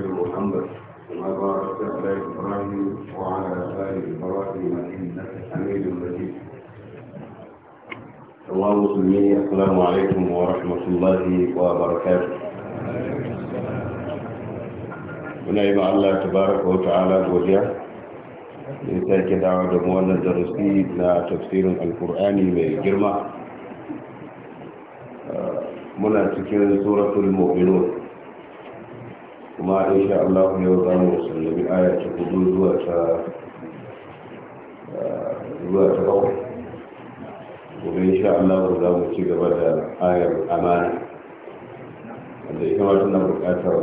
آل محمد كما باركت على إبراهيم وعلى آل إبراهيم إنك حميد مجيد اللهم صل السلام عليكم ورحمة الله وبركاته ونعم الله تبارك وتعالى وجه لذلك دعوة دموانا الدرسي لا تفسير القرآن من جرمه آه، من سورة المؤمنون kuma insha allahu yau za mu sallami aya ta hudu zuwa ta eh, zuwa ta bakwai gobe insha Allah za mu ci gaba da ayar amana wanda ita ma tana buƙatar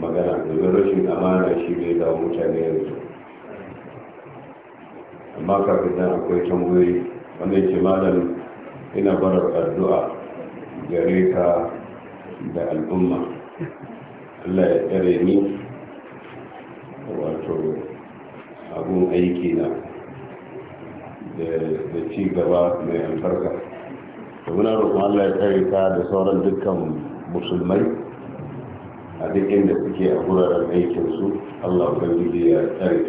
magana domin rashin amana shi ne da mutane yanzu amma kafin nan akwai tambayoyi wanda yake malam ina barar addu'a gare ka da al'umma Allah ya tsare ni wato abun aiki na da ci gaba mai alfarka da muna roƙon Allah ya tsare da sauran dukkan musulmai a duk inda suke a guraren aikinsu Allah ubangiji ya tsare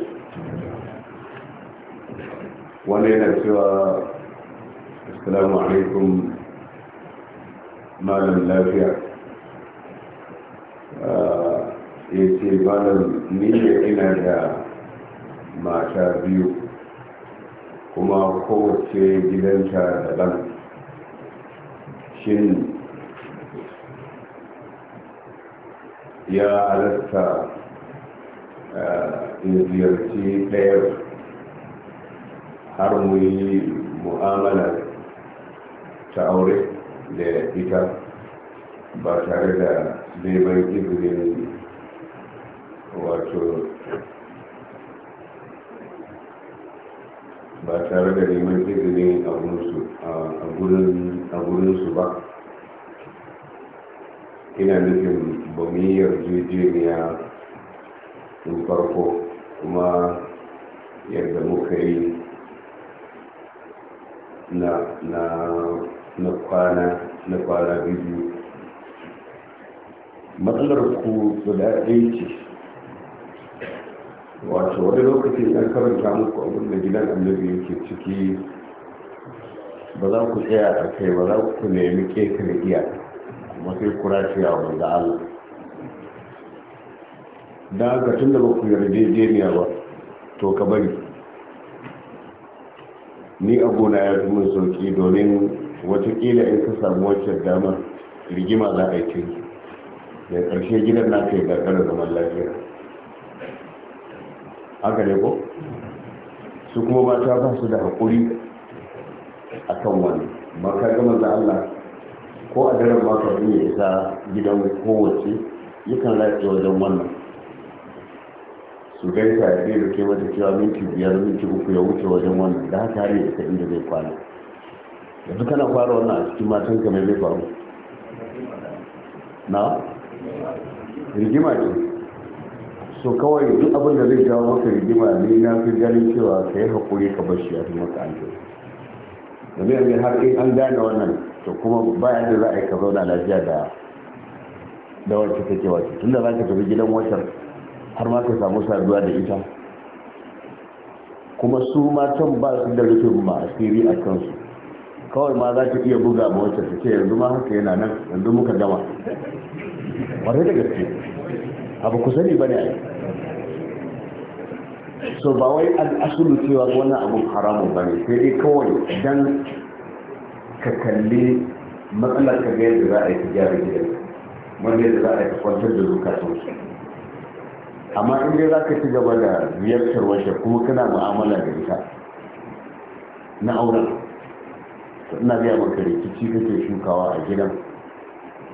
wani yana cewa assalamu alaikum malam lafiya Eh, ya ce malam ni ina da mata biyu kuma kowace gidanta daban shin ya halatta eh, in ziyarci ɗaya har mu yi mu'amala ta aure da ita ba tare da neman wato ba tare da neman izinin a gurinsu ba ina nufin ba mu yi in farko kuma yadda muka yi na kwana biyu matsalar ku guda ɗaya ce wato wani lokacin 'yan karanta muku abin da gidan annabi yake ciki ba za ku tsaya a kai ba za ku nemi ƙetare iya kuma sai ku a wanda allah da haka tun da ba ku yarjejeniya ba to ka bari ni a gona ya fi sauki domin watakila in ka samu wacce damar rigima za a yi da ƙarshe gidan na ke gargara zaman lafiya haka ne ko su kuma mata ba su da haƙuri a kan wani maka gama da allah ko a daren maka ya isa gidan kowace yakan lafiya wajen wannan su gaisa ya ɗaya da ke mata cewa minti biyar minti uku ya wuce wajen wannan da haka har ya isa inda zai kwana yanzu kana fara wannan a cikin matan game zai faru na rigima ce so kawai duk abin da zai jawo maka rigima ne na fi ganin cewa ka yi haƙuri ka bar shi a fi maka an da zai yi har in an gane wannan to kuma bayan da za a yi ka zauna lafiya da da wacce take wacce tunda za ka tafi gidan wacce har ma ka samu saduwa da ita kuma su matan ba su da rufin ma asiri a kansu kawai ma za ta iya buga ma wacce ta ce yanzu ma haka yana nan yanzu muka gama ƙwarai da gaske abu ku sani ba ne so ba wai al'asulu cewa wannan abu haramun ba ne sai dai kawai dan ka kalli matsalar ka ga yadda za a yi ta gyara gidan wanda yadda za a yi ta kwantar da zukatun su amma in dai za ka ci gaba da ziyartar wacce kuma kana mu'amala da ita na auren ina biya maka rikici kake shukawa a gidan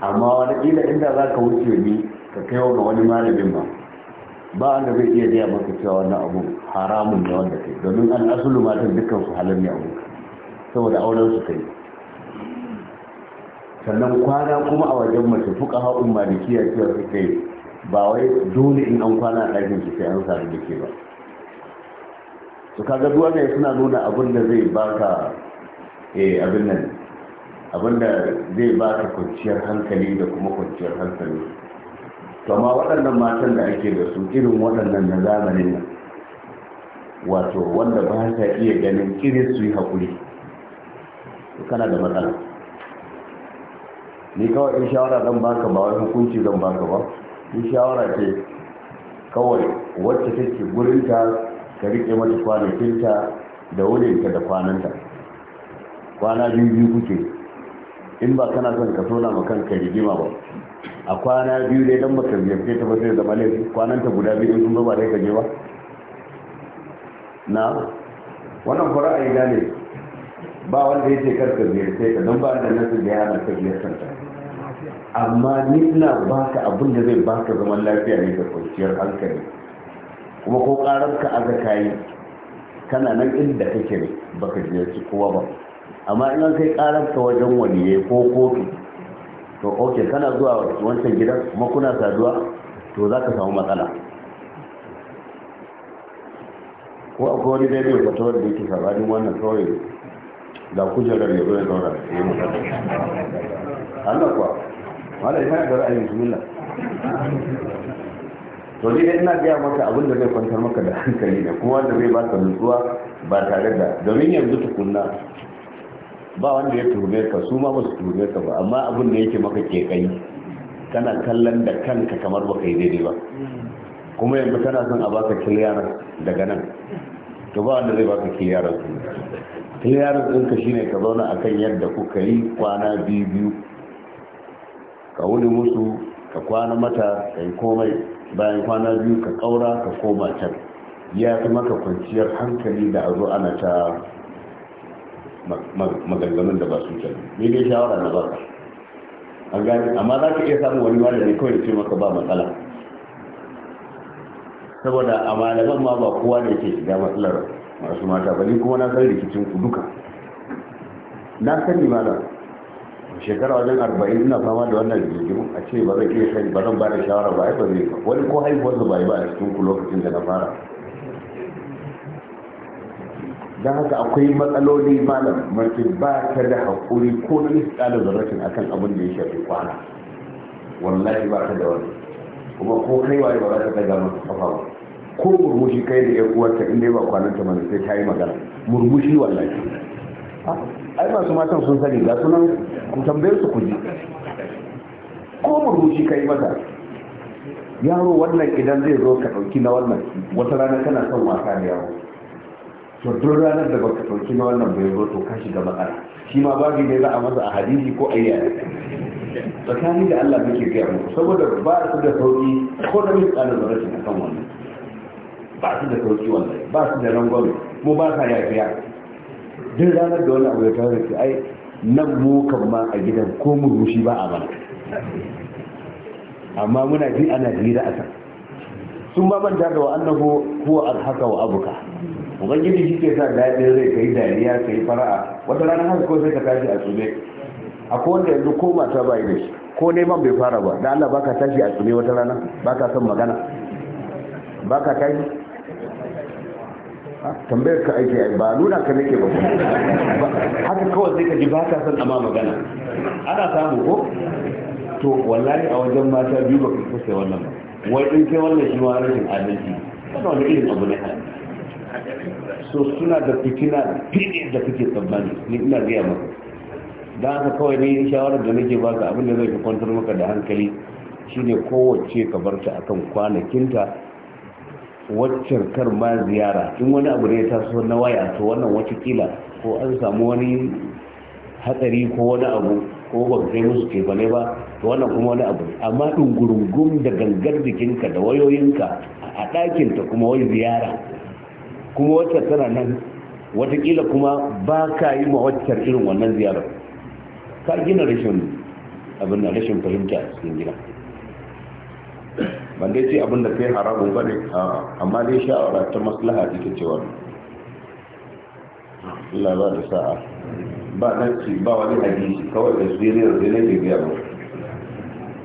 amma wani ila inda za ka wuce ni ka kai ga wani malamin ba ba wanda zai iya gaya maka cewa wannan abu haramun ne wanda kai domin an asulu tun dukkan su halin ne abu saboda auren su kai sannan kwana kuma a wajen mace fuka haɗin malikiya cewa su kai ba wai dole in an kwana a ɗakin su sai an sami da ba su kaga duwa ne suna nuna abin da zai baka eh, abin nan abin da zai baka kwanciyar hankali da kuma kwanciyar hankali to waɗannan matan da ake da su irin waɗannan na zamanin nan wato wanda ba ta iya ganin irin su yi haƙuri kana da matsala ni kawai in shawara zan baka ba wani hukunci zan baka ba in shawara ce kawai wacce take gurinta ka riƙe mata kwanakinta da wurinta da kwananta kwana biyu biyu kuke in ba kana son ka tona ma kanka rigima ba a kwana biyu dai don baka ziyarce ta ba zai zama laifi kwanan ta guda biyu sun zama ba dai ka je ba na wannan fara a ina ne ba wanda ya ce kar ziyarce ta don ba da nasu da yana ta ziyartar ta amma ni ina baka abin da zai baka zaman lafiya ne da kwanciyar hankali kuma ko karar ka aza kayi kana nan inda kake ne baka ziyarci kowa ba amma in an kai karar ka wajen waliye ko kotu to ok kana zuwa wancan gidan kuma kuna saduwa to za ka samu matsala ko akwai wani dai mai fatawar da yake sabanin wannan kawai da kujerar ya zo ya zaura ya yi matsala Allah kuwa wala ina da ra'ayin jimila to ni ina gaya maka abin da zai kwantar maka da hankali ne kuma wanda zai ba ka nutsuwa ba tare da domin yanzu tukunna ba wanda ya turbe ka su ma ba su turbe ka ba amma abin da yake maka ke kai kana kallon da kanka kamar baka yi daidai ba kuma yanzu kana son a baka kiliyar daga nan to ba wanda zai baka kiliyar su kiliyarar ɗinka shine ka zauna akan yadda kuka yi kwana biyu biyu ka wuni musu ka kwana mata ka yi komai bayan kwana biyu ka kaura ka koma can ya fi maka kwanciyar hankali da a zo ana ta magagamin da ba su can ne dai shawara na baka an gani amma za ka iya samun wani ne kawai ce maka ba matsala saboda a malaman ma ba kowa ne ke shiga matsalar masu mata ba ni kuma na san rikicin ku duka na sani malam shekara wajen arba'in ina fama da wannan rigingimu a ce ba zan iya sani ba zan ba da shawara ba ai ba zai ba wani ko haihuwarsa ba yi ba a cikin ku lokacin da na fara don haka akwai matsaloli malam mace ba ta da haƙuri ko na nisa da rashin akan abin da ya shafi kwana wallahi ba ta da wani kuma ko kai waye ba za ta daga masu kafa ba ko murmushi kai da yan uwarta inda ba kwanan ta mana sai ta yi magana murmushi wallahi ah, ai masu matan sun sani ga sunan ku tambayar su ku ji ko murmushi kai mata yaro wannan idan zai zo ka ɗauki na wannan wata rana kana son wasa da yaro to duk ranar da baka ɗauki ma wannan bai zo to kashi da matsala shi ma babu ne za a masa a hadisi ko ayya tsakani da Allah muke gaya mu, saboda ba su da sauki ko da muke tsara zarafi a kan wannan ba su da sauki wannan ba su da rangwame mu ba sa yafiya duk ranar da wannan abu ya tawo da ai nan mu kan ma a gidan ko mu rushi ba a bana amma muna ji ana jira a kan sun ba manta da wa annahu huwa alhaka wa abuka ubangiji shi ke sa daɗin zai kai dariya ka yi fara'a wata rana haka ko sai ka tashi a tsume? a kowanne yanzu ko mata ba da shi ko neman bai fara ba da Allah baka tashi a tsume wata rana baka son magana baka tashi ah, tambayar ka aiki ba nuna ka nake ba haka kawai sai ka ji baka son amma magana ana samu ko to wallahi a wajen mata biyu ba ka kusa wannan ba wai in kai wannan shi ma rashin adalci wannan irin abu ne so suna da fitina fiye da kake tsammani ni ina gaya maka da haka kawai ne shawarar da nake baka abin da zai fi kwantar maka da hankali shine kowace ka bar ta akan kwanakinta waccan kar ma ziyara in wani abu ne ya taso na waya to wannan wata kila ko an samu wani hatsari ko wani abu ko ba kai musu ke bane ba to wannan kuma wani abu amma dungurungun da gangar jikinka da wayoyinka a ɗakinta kuma wai ziyara kuma wacce tana nan watakila kuma ba ka yi ma wacce irin wannan ziyarar ka gina rashin abin da rashin fahimta a cikin gina. ban dai ce abin da kai haramun ba ne amma dai shawara ta maslaha ita cewa Allah ba da sa'a ba nan ci ba wani hadisi kawai da siriyar da ne biya ba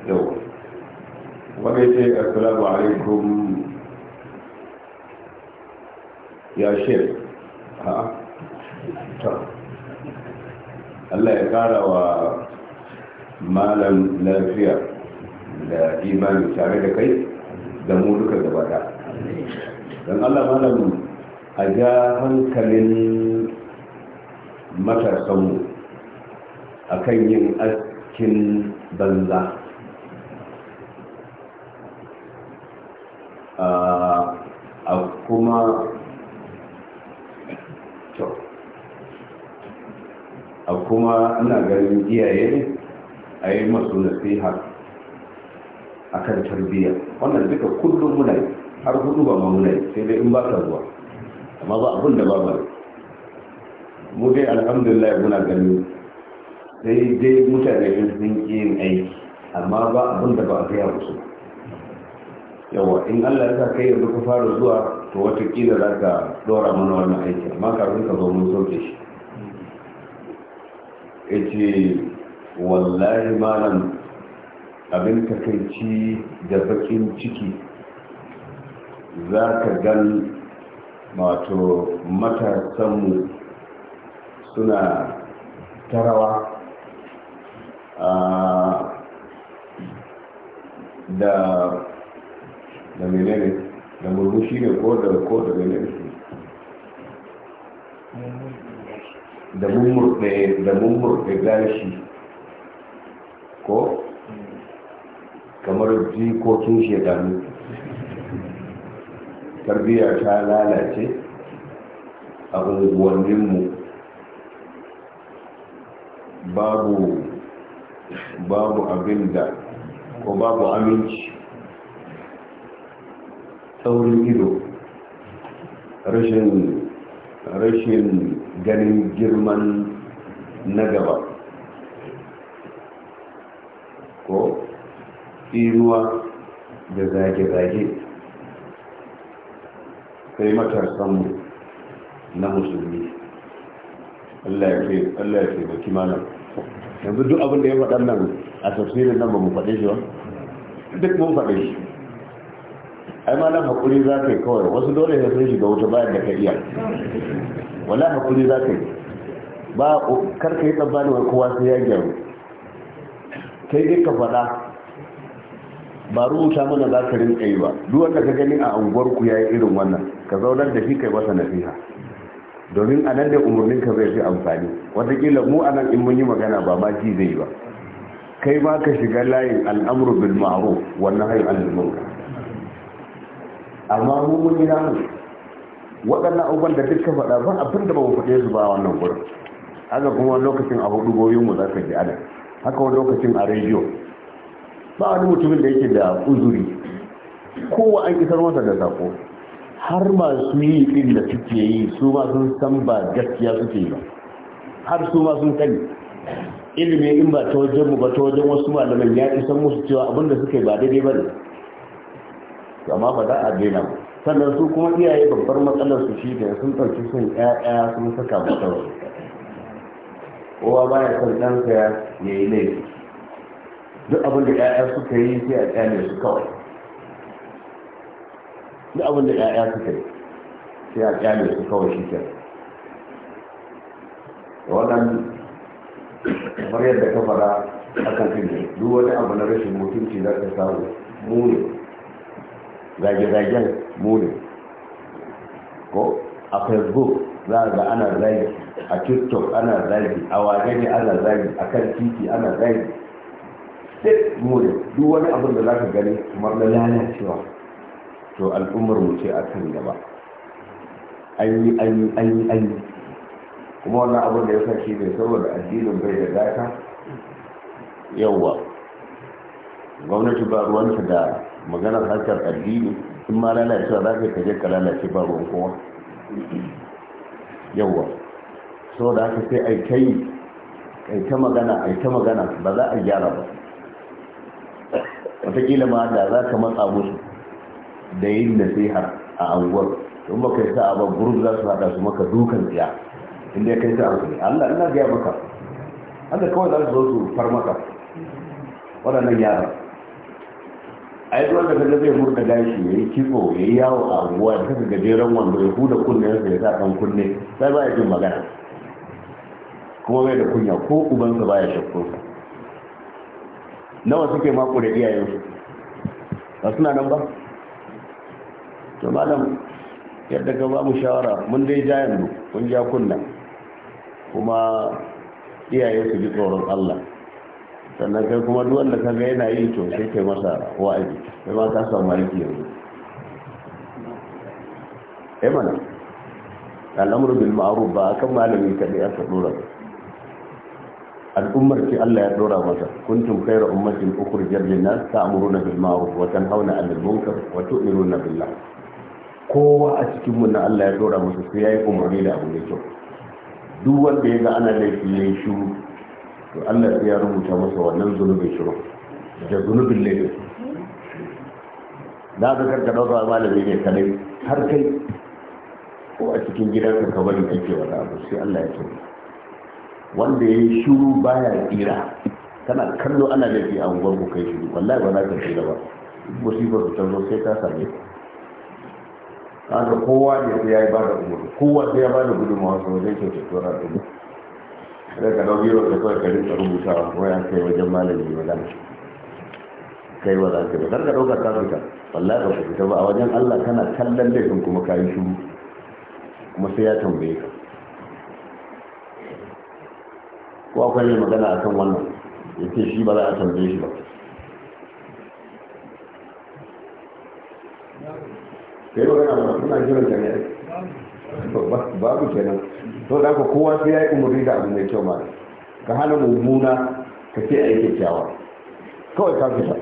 yau wani ce assalamu alaikum ya shek ha ta Allah ya kara wa malam lafiya da imani tare da kai da mu duka gaba da don Allah malam a ja hankalin matasanmu a kan yin askin banza a kuma kyau a kuma ina ganin iyaye ne a yi masu nasiha a kan tarbiyya wannan duka kullum muna yi har hudu ba ma muna yi sai dai in ba ka zuwa amma ba abin da ba ba mu dai alhamdulillah muna ganin sai dai mutane sun yin aiki amma ba abin da ba a gaya musu yawa in allah ya sa kai yanzu ka fara zuwa to watakila za ka dora mana wannan aiki amma ka ka zo mun soke shi ya ce wallahi malam abin takaici da bakin ciki za ka gan wato matasanmu suna tarawa da da menene da murmushi ne ko da ko da gani da mummurɗe da da gashi ko kamar jikokin shekaru tarbiyya ta lalace a unguwanninmu babu babu abin ko babu aminci saurin ido rashin ganin girman na gaba ko inuwa da zage-zage sai matarsan na musulmi Allah ya ce Allah ya ce baki malam yanzu duk abin da ya faɗa nan a tafsirin nan ba mu faɗe shi ba duk mun faɗe shi ai ma nan hakuri za ka yi kawai wasu dole ne sun shiga wuta bayan da ka iya wala hakuri za ka yi ba karka yi tsammani wa kowa sai ya gyaru kai dai ka faɗa ba rubuta mana za ka rinka yi ba duk ka gani a unguwarku ku yayi irin wannan ka zaunar da shi kai masa nasiha domin a nan da umarnin ka zai fi amfani watakila mu a nan in mun yi magana ba ma ji zai ba kai ma ka shiga layin al'amru bil ma'ruf wannan hayu al amma mu mun yi namu waɗannan abubuwan da duka faɗa ba abin da ba mu faɗe su ba wannan gurin haka kuma lokacin a hudu goyon mu za ka ji ana haka wani lokacin a rediyo ba wani mutumin da yake da uzuri kowa an isar masa da sako har masu yi ɗin da suke yi su ma sun san ba gaskiya suke yi ba har su ma sun sani ilimi in ba ta wajen mu ba ta wajen wasu malaman ya isan musu cewa abin da suke ba daidai ba ne amma ba za a daina ba sannan su kuma iyaye babbar matsalar su shi da sun ɗauki sun ƴaƴa sun saka matarsu kowa baya son ɗansa ya yi laifi duk abin da ƴaƴa suka yi sai a ƙyale su kawai duk abin da ƴaƴa suka yi sai a ƙyale su kawai shi ke wannan kamar yadda ka fara akan kan duk wani abu na rashin mutunci za ka samu mu ne zage-zagen mune ko a facebook za a ga ana zagi a tiktok ana zagi a wagani ana zagi a kan titi ana zagi sai mune duk wani abin da za ka gani kamar na lalacewa to al'ummar mu ce a kan gaba an yi an yi an yi an yi kuma wannan abin da ya sa shi ne saboda addinin bai da gata yawwa gwamnati ba ruwanta da maganar harkar addini in ma lalace za ka kaje ka lalace ba ruwan kowa yawwa so da aka sai ai kai ta magana ai ta magana ba za a gyara ba wataƙila ma da za ka matsa musu da yin nasiha a anguwar in ba kai a ba gurin za su haɗa su maka dukan tsiya inda ya kai sa su allah ina biya maka haka kawai za su zo su far maka waɗannan yaran ai duk wanda kaga zai murda gashi yayi kitso yayi yawo a unguwa da kaga gajeren wando ya huda kunne sa ya sa kan kunne sai ba ya jin magana kuma bai da kunya ko ubansa ya shakko sa nawa suke mako da iyayen su ba suna nan ba to malam yadda ka ba mu shawara mun dai ja yanzu mun ja kunna kuma iyaye su ji tsoron Allah sannan kai kuma duk wanda ka ga yana yi to sai kai masa wa'azi kai ma ka samu aiki yanzu eh mana al'amru bil ma'ruf ba kan malami kadai aka dora al'ummar ce Allah ya dora masa kuntum khayra ummatin ukhrijat lin-nas ta'muruna bil ma'ruf wa tanhauna 'anil munkar wa tu'minuna billah kowa a cikin mu na Allah ya dora masa sai yayi umarni da abu ne kyau duk wanda ya ga ana laifi yayin shiru to Allah sai ya rubuta masa wannan zunubin shiru da zunubin laifin na ga karka dauka malami ne kadai har kai ko a cikin gidansa ka bari kake wani abu sai Allah ya tsoro wanda ya yi shuru baya tsira kana kallo ana laifi a unguwar ku kai shiru wallahi ba za ka tsira ba musibar su zo sai ka same ka kaga kowa ne sai ya yi ba da umaru kowa sai ya ba da gudunmawa sau wajen kyautattuwar al'umma sai ka dauki wa da kawai ka rinka rubutawa koyan kai wajen malami magana kai wa za ka yi ka dauka ka fita wallahi ba ka fita ba a wajen Allah kana kallon laifin kuma ka yi shuru kuma sai ya tambaye ka ko akwai mai magana akan wannan ya ce shi ba za a tambaye shi ba kai magana ba suna jiran ka ne babu kenan to da kowa sai ya yi umarni da abin da kyau ma ka hana mummuna ka ce a yi kyakkyawa kawai ka fita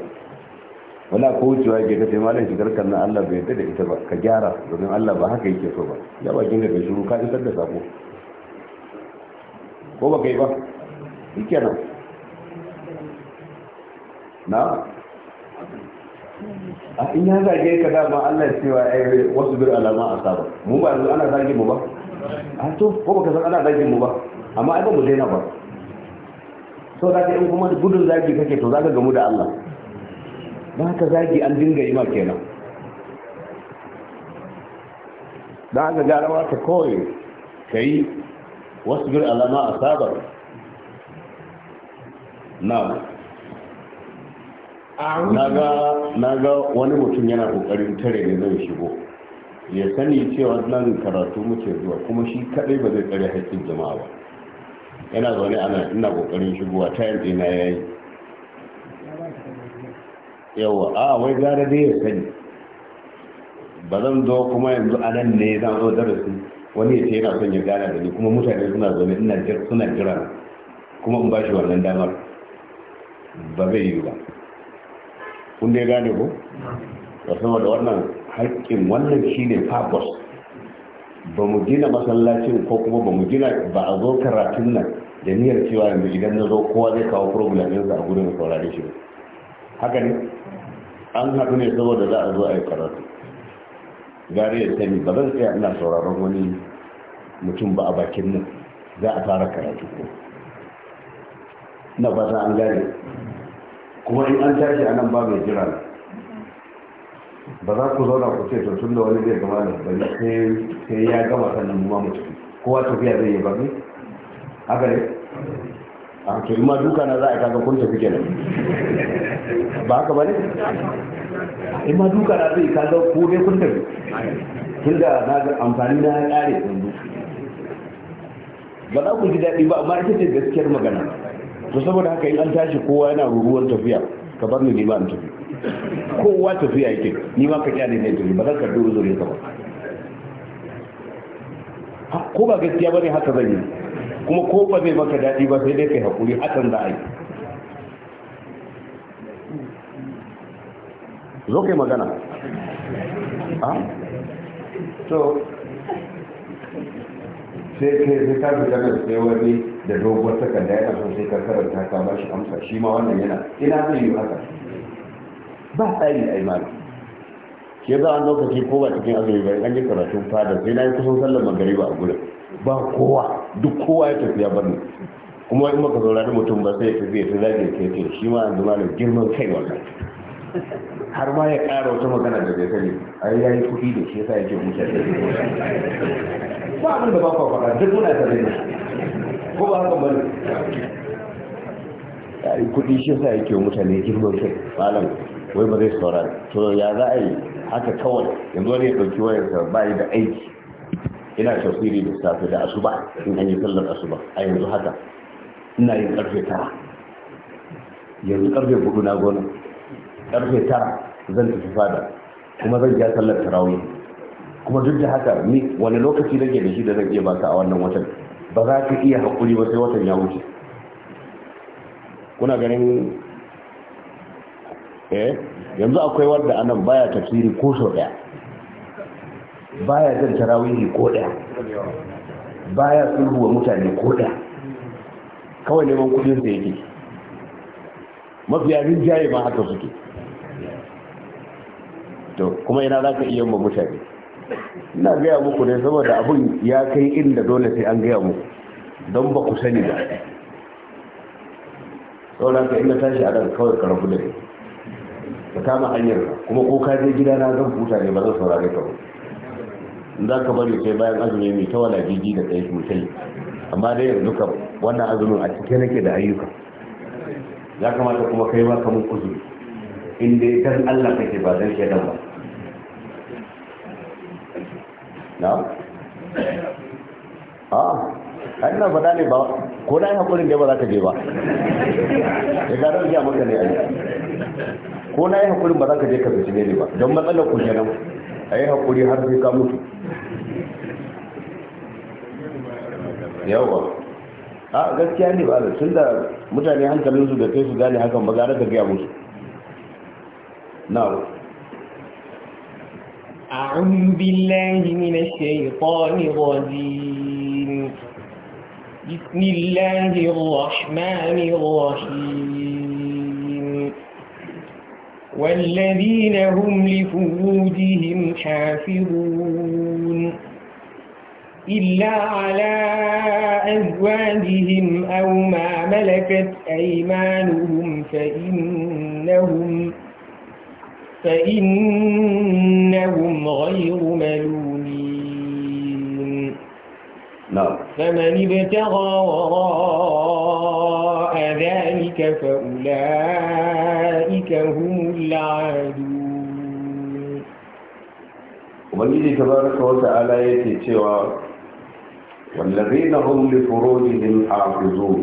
wala ko wucewa yake ka ce malam shigar na Allah bai yarda da ita ba ka gyara domin Allah ba haka yake so ba ya bakin da kai shiru ka isar da sako ko ba kai ba yake nan na a in ya zage ka dama Allah cewa ai wasu bir alama a asaba mu ba ana zage mu ba an to ko baka san ana zagin mu ba amma ai ba mu daina ba so da ka in kuma gudun zagi kake to zaka gamu da Allah Ba haka zagi an dinga yi ma kenan don haka garawa ta kawai ka yi wasu bir alama a sabar na na ga wani mutum yana kokarin tare ne zai shigo ya sani cewa nan karatu muke zuwa kuma shi kadai ba zai tsare haƙƙin jama'a ba yana zaune ana ina kokarin shigowa ta yanzu na yayi yawa a wai gara dai ya sani ba zan zo kuma yanzu a nan ne zan zo darasi wani ya ce yana son ya gana da ni kuma mutane suna zaune ina jira suna jira kuma in ba shi wannan damar ba zai yi ba kun dai gane ko ba saboda wannan haƙƙin wannan shi ne purpose ba mu gina masallacin ko kuma ba mu gina ba a zo karatun nan da niyyar cewa yanzu idan na zo kowa zai kawo problem yanzu a gudun saurari shi haka ne an haɗu ne saboda za a zo a yi karatu gari ya sani ba zan tsaya ina sauraron wani mutum ba a bakin nan za a fara karatu ko na ba za an gane kuma in an tashi a nan ba mai jira ba za ku zauna ku ce to tun da wani zai gama da bari sai ya gama sannan mu ma mu tafi kowa tafiya zai yi ba ne haka ne a to ma duka na za a kaga kun tafi kenan ba haka ba ne in ma duka na zai kaga ko dai kun tafi tun da na ga amfani na ya kare yanzu ba za ku ji daɗi ba amma ita ce gaskiyar magana to saboda haka in an tashi kowa yana ruruwar tafiya ka bar ni ne ba in tafi kowa tafiya yake ni ma ka kyale ne tafi ba zan ka duru zuri ba ko ba gaskiya bane haka zan yi kuma ko ba zai baka daɗi ba sai dai kai hakuri hakan za a yi zo kai magana a to sai sai sai ka fi ganin sai wani da doguwar takarda yana so sai ka karanta ka ba shi amsa shi ma wannan yana ina zai yi haka ba tsari a yi imani shi za a lokaci ko ba cikin azumi ba an yi karatun fada sai na yi kusan sallar ba a gudun ba kowa duk kowa ya tafiya ba ne kuma in zaura da mutum ba sai ya tafi ya tafi zagin ke shi ma yanzu ma da girman kai wannan har ma ya ƙara wata magana da bai sani yi yayi kuɗi da shi yasa yake mutane ba abin da ba kwa faɗa duk muna tare da ko ba haka bane kuɗi shi sa yake mutane girman kai malam wai ba zai saurari to ya za a yi haka kawai yanzu wani ya ɗauki wayarsa ba da aiki ina tafsiri da safe da asuba in an yi sallar asuba a yanzu haka ina yin karfe tara yanzu karfe hudu na gona karfe tara zan tafi fada kuma zan ja sallar tarawih kuma duk da haka ni wani lokaci nake da shi da zan iya baka a wannan watan ba za ka iya haƙuri ba sai watan ya wuce kuna ganin eh yanzu akwai wanda anan baya tafsiri ko so daya baya jan tarawihi ko daya baya sulhuwa mutane ko daya kawai neman kudin sa yake mafiya jaye ma haka suke to kuma ina za ka iya ma mutane ina gaya muku ne saboda abun ya kai inda dole sai an gaya muku don ba ku sani ba saboda ka ina tashi a ɗan kawai karabu da ne ka kama hanyar kuma ko ka je gida na zan huta ne ba zan saurare ka ba in za ka bari sai bayan azumi mai ta wala jiji da tsaye sosai amma dai yanzu ka wannan azumin a cike nake da ayyuka ya kamata kuma kai ma ka mun in dai dan Allah kake ba dan shedan ba na a a na faɗa ne ba ko da yi haƙurin da ba za ka je ba ya gara zuwa ne a yi ko na yi hakuri ba za ka je ka zuci ne ba don matsalar ku kenan a yi hakuri har sai ka mutu yawa a gaskiya ne ba sun da mutane su da kai su gane hakan ba gara ka gaya musu na'u أعوذ بالله من الشيطان الرجيم بسم الله الرحمن الرحيم والذين هم لفروجهم حافظون إلا على أزواجهم أو ما ملكت أيمانهم فإنهم, فإنهم غير ملوم نعم. فمن ابتغى وراء ذلك فأولئك هم العادون ومجد تبارك وتعالى يتشوى والذين هم لفروجهم حافظون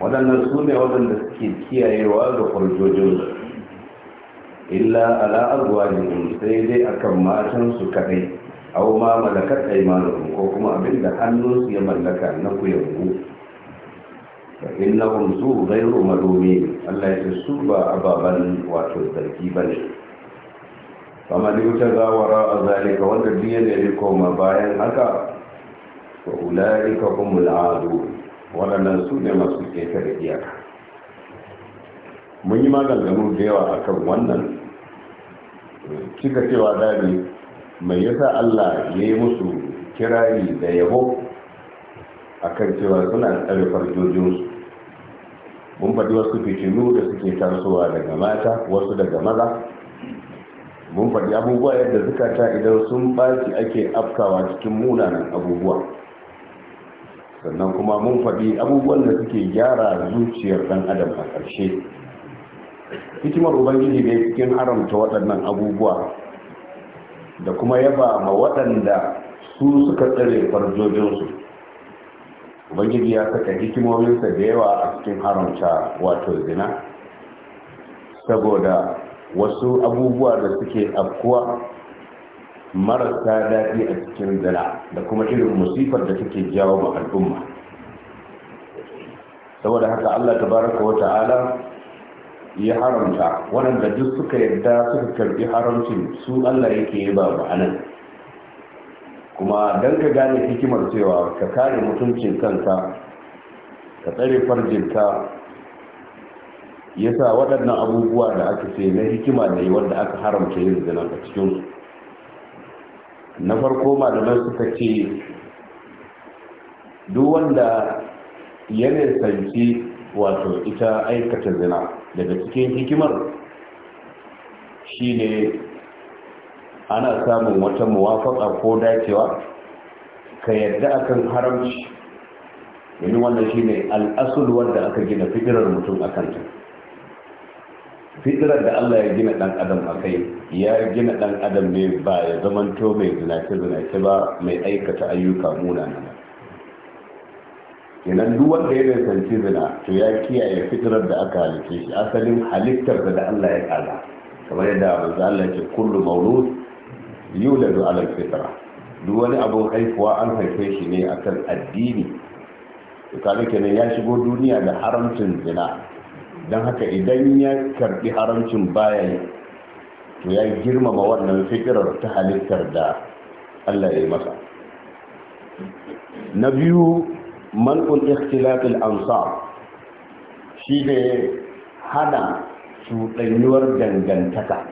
ولن نسوني ولن نسكي كي أيوال خرجوجون إلا على أزواجهم سيدي أكماشا سكريت au ma malakat aymanuhum ko kuma abin da hannunsu ya mallaka na kuyangu fa innahum su ghayru malumin Allah ya su ba ababan wato zargi bane kama da wuta zawara a zalika wanda biye ne riko ma bayan haka wa ula'ika humul adu waɗannan su ne masu da iyaka mun yi maganganu da yawa akan wannan cika cewa dami mai yasa Allah ya yi musu kirayi da yabo a kan cewa suna tsare farjojinsu mun faɗi wasu fitinu da suke tasowa daga mata wasu daga maza mun faɗi abubuwa yadda zukata idan sun ɓaci ake afkawa cikin munanan abubuwa sannan kuma mun faɗi abubuwan da suke gyara zuciyar ɗan adam a ƙarshe hikimar ubangiji ne cikin haramta waɗannan abubuwa da kuma yaba ma waɗanda su suka tsare farjojinsu ubangiji ya saka hikimominsa da yawa a cikin haramta wato zina saboda wasu abubuwa da suke afkuwa marasa daɗi a cikin zina da kuma irin musifar da take jawo ma al'umma saboda haka allah ta baraka wata'ala ya haramta waɗanda duk suka yadda suka karbi haramcin su Allah yake yi ba anan. kuma don ka gane hikimar cewa ka kare mutuncin kanka ka tsare farjinka ya sa waɗannan abubuwa da aka ce na hikima ne wanda aka haramta yin zina a cikinsu na farko malamai suka ce duk wanda ya sanci. wato ita aikata zina daga cikin hikimar shine ana samun wata muwafaka ko dacewa ka yadda akan haramci domin wannan shine al'asul wanda aka gina fidirar mutum a kanta fidirar da Allah ya gina dan adam a kai ya gina dan adam ne ba ya zamanto mai zinace zinace ba mai aikata ayyuka munana kenan duk wanda ya nisanci zina to ya kiyaye fitrar da aka halice shi asalin halittar da Allah ya kaza kamar yadda manzo Allah ce kullu maulud yuladu ala fitra duk wani abun haifuwa an haife shi ne akan addini to kaga kenan ya shigo duniya da haramcin zina don haka idan ya karbi haramcin baya to ya girmama wannan fitrar ta halittar da Allah ya yi masa na biyu man'ul ikhtilafil ansar shi ne hana cuɗanyuwar dangantaka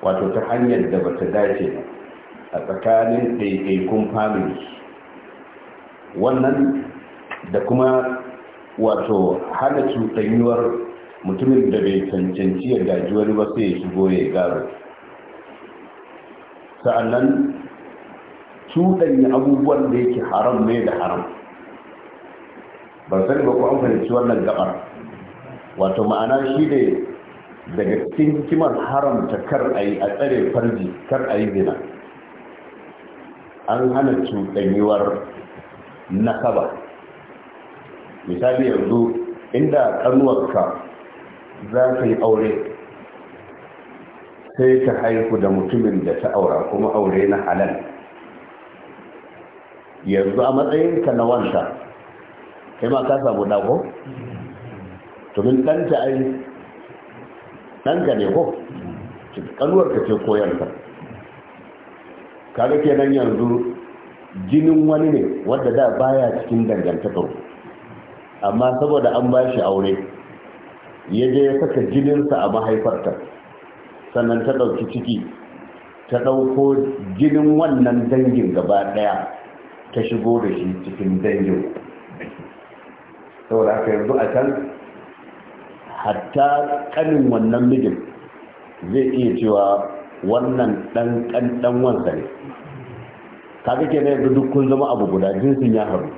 wato ta hanyar da ba ta dace a tsakanin ɗaiɗaikun family wannan da kuma wato hana cuɗanyuwar mutumin da bai cancanci ya gaji wani ba sai ya shigo ya garo sa'annan cuɗanya abubuwan da yake haram ne da haram ban sani ba ku an fahimci wannan gabar wato ma'ana shi ne daga cikin hikimar haramta kar a yi a tsare farji kar a yi zina an hana na kaba misali yanzu inda ƙanuwarka za ka yi aure sai ka haihu da mutumin da ta aura kuma aure na halal yanzu a matsayinka na wanta kai ma ka samu dako? domin ɗanta ai ɗanka ne ko ka ce Ka kaga kenan yanzu jinin wani ne wadda da baya cikin dangantakar amma saboda an ba shi aure ya je ya saka jininsa a mahaifarta sannan ta ɗauki ciki ta ɗauko jinin wannan dangin gaba ɗaya ta shigo da shi cikin dangin saboda aka yanzu a can hatta kanin wannan mijin zai iya cewa wannan dan dan wansa ne kaga ke yanzu duk kun zama abu guda jinsin ya haru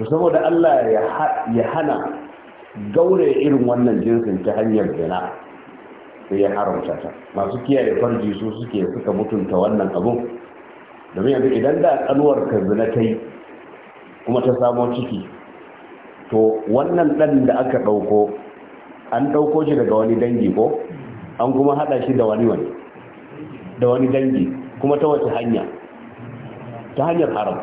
to saboda Allah ya hana gaure irin wannan jinsin ta hanyar jana sai ya haramta ta masu kiyaye farji su suke suka mutunta wannan abun domin yanzu idan da kanuwar ka zina kai kuma ta samo ciki to wannan dan da aka ɗauko an ɗauko shi daga wani dangi ko an kuma haɗa shi da wani wani da wani dangi kuma ta wace hanya ta hanyar haram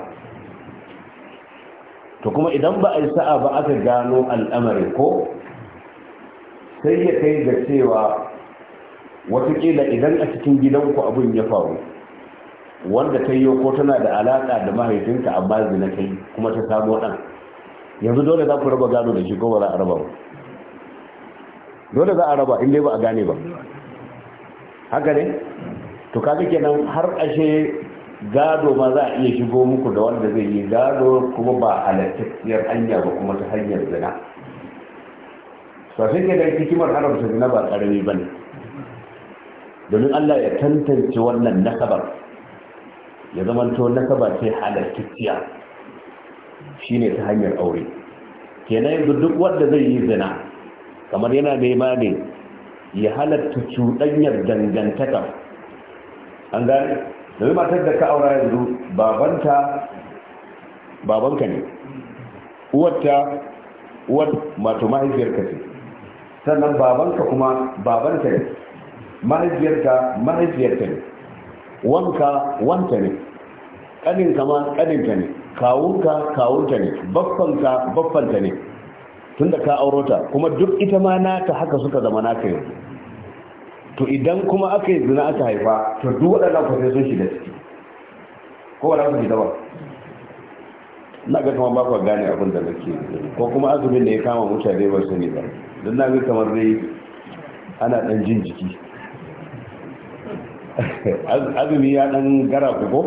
to kuma idan ba a yi sa'a ba aka gano al'amarin ko sai ya kai da cewa watakila idan a cikin gidanku abin ya faru wanda ta yi ko tana da alaƙa da mahaifinka amma zina na kai kuma ta samo ɗan yanzu dole za ku raba gado da shi ko ba za a raba ba dole za a raba in dai ba a gane ba haka ne to kaga kenan har ashe gado ma za a iya shigo muku da wanda zai yi gado kuma ba halattacciyar hanya ba kuma ta hanyar zina sosai ke da hikimar haramta zina ba ƙarami ba ne domin allah ya tantance wannan nasabar ya zamanto nasaba ce shi shine ta hanyar aure kenan yanzu duk wanda zai yi zina kamar yana nema ne ya halarta cuɗanyar dangantaka an gane domin matar da ka aura yanzu babanta babanka ne uwarta uwar mato mahaifiyarka ce sannan babanka kuma babanta ne mahaifiyarka mahaifiyarka ne wanka wanta ne ƙaninka ma ƙaninta ne kawunka kawunta ne baffanka baffanta ne tunda ka auro ta kuma duk ita ma nata haka suka zama naka yau. to idan kuma aka yi zina aka haifa to duk waɗannan kwafe sun shiga ciki ko wala su shiga ba na ga kamar ba ku gane abin da nake ko kuma azumin da ya kama mutane ba su ne ba don na ga kamar dai ana ɗan jin jiki azumi ya dan gara ku ko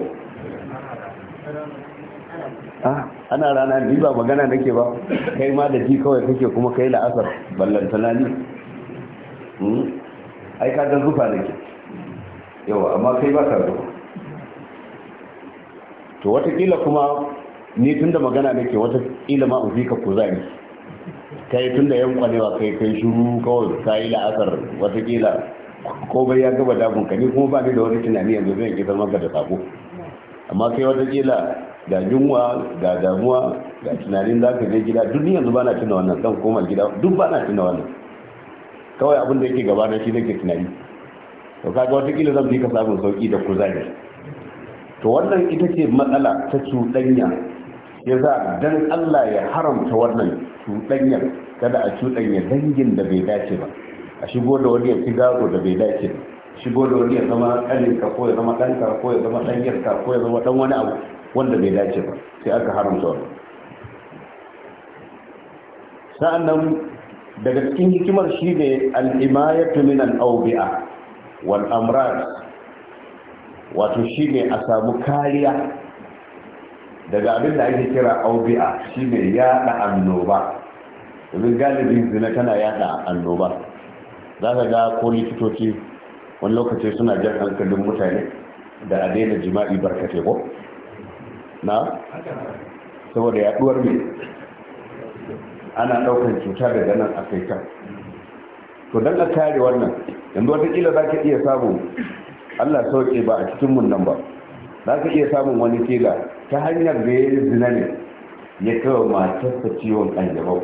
ana rana ni ba magana nake ba kai ma da ji kawai kake kuma kai la'asar ballantana ni hmm? ai ka ga zufa nake yawa amma kai ba ka zo to watakila kuma ni tunda magana nake watakila ma uzi ka kuzari kai tunda yankwanewa kai kai shuru kawai kai la'asar watakila bai ya gaba damun ka ni kuma ba ni da wani tunani yanzu zan ki zama ga da sako amma kai wata kila ga yunwa ga damuwa ga tunanin za ka je gida duk yanzu ba na tuna wannan zan koma gida duk ba na tuna wannan kawai abin da yake gaba na shi nake tunani to ga wata kila zan bi ka samun sauki da kuzari to wannan ita ce matsala ta cuɗanya ya za dan Allah ya haramta wannan cuɗanyar kada a cuɗanya dangin da bai dace ba a shigo da wani ya ci gado da bai dace shigo da wani ya zama ka ko ya zama ka ko ya zama ɗanyarka ko ya zama ɗan wani abu wanda bai dace ba sai aka haramta wani sa'an daga cikin hikimar shi ne al'imayatu min al'aubi'a wal amrad wato shi ne a samu kariya daga abin da ake kira aubi'a shi ne yaɗa annoba domin galibin zina tana yaɗa annoba za ka ga ko likitoci wani lokaci suna jan hankalin mutane da a daina jima'i barkate ko na saboda yaduwar mai ana daukan cuta daga nan a kai kan to don a kare wannan yanzu watakila za ka iya samu allah sauke ba a cikin mun nan ba za ka iya samun wani kila ta hanyar da ya yi zina ne ya kawo matarsa ciwon kanjamau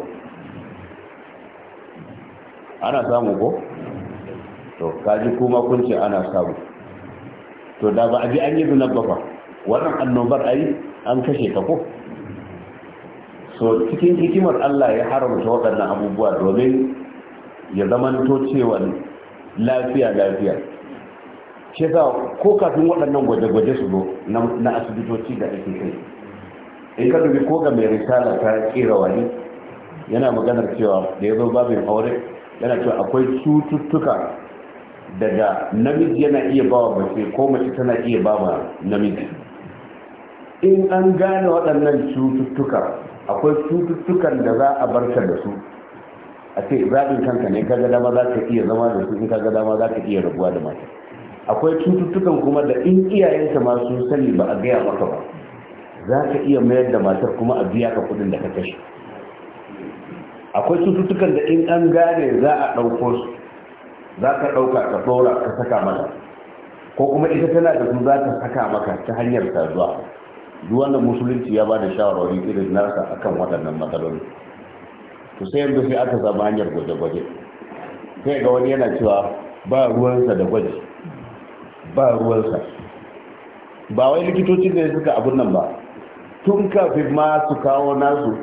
ana samu ko to kaji kuma kun ce ana samu to da ba a ji an yi zunar ba wannan annobar ai an kashe ta ko so cikin hikimar Allah ya haramta waɗannan abubuwa domin ya to cewa lafiya lafiya shi za ko kafin waɗannan gwaje-gwaje su zo na asibitoci da ake kai in ka dubi ko ga mai risala ta kira wani yana maganar cewa da ya zo babin aure yana cewa akwai cututtuka daga namiji yana iya bawa mace ko mace tana iya bawa namiji in an gane waɗannan cututtuka akwai cututtukan da za a barka da su a ce zaɓin kanka ne kaga dama za ka iya zama da su in kaga dama za ka iya rabuwa da mata akwai cututtukan kuma da in iyayenta masu sun sani ba a gaya maka ba za ka iya mayar da matar kuma a biya ka kuɗin da ka kashe akwai cututtukan da in an gane za a ɗauko su za ka ɗauka ka tsora ka saka mata ko kuma ita tana da su za ta saka maka ta hanyar saduwa duk wannan musulunci ya ba da shawarwari irin nasa akan waɗannan matsaloli to sai yanzu sai aka zama hanyar gwaje-gwaje sai ga wani yana cewa ba ruwansa da gwaji ba ruwansa ba wai likitocin da suka abun nan ba tun kafin ma su kawo nasu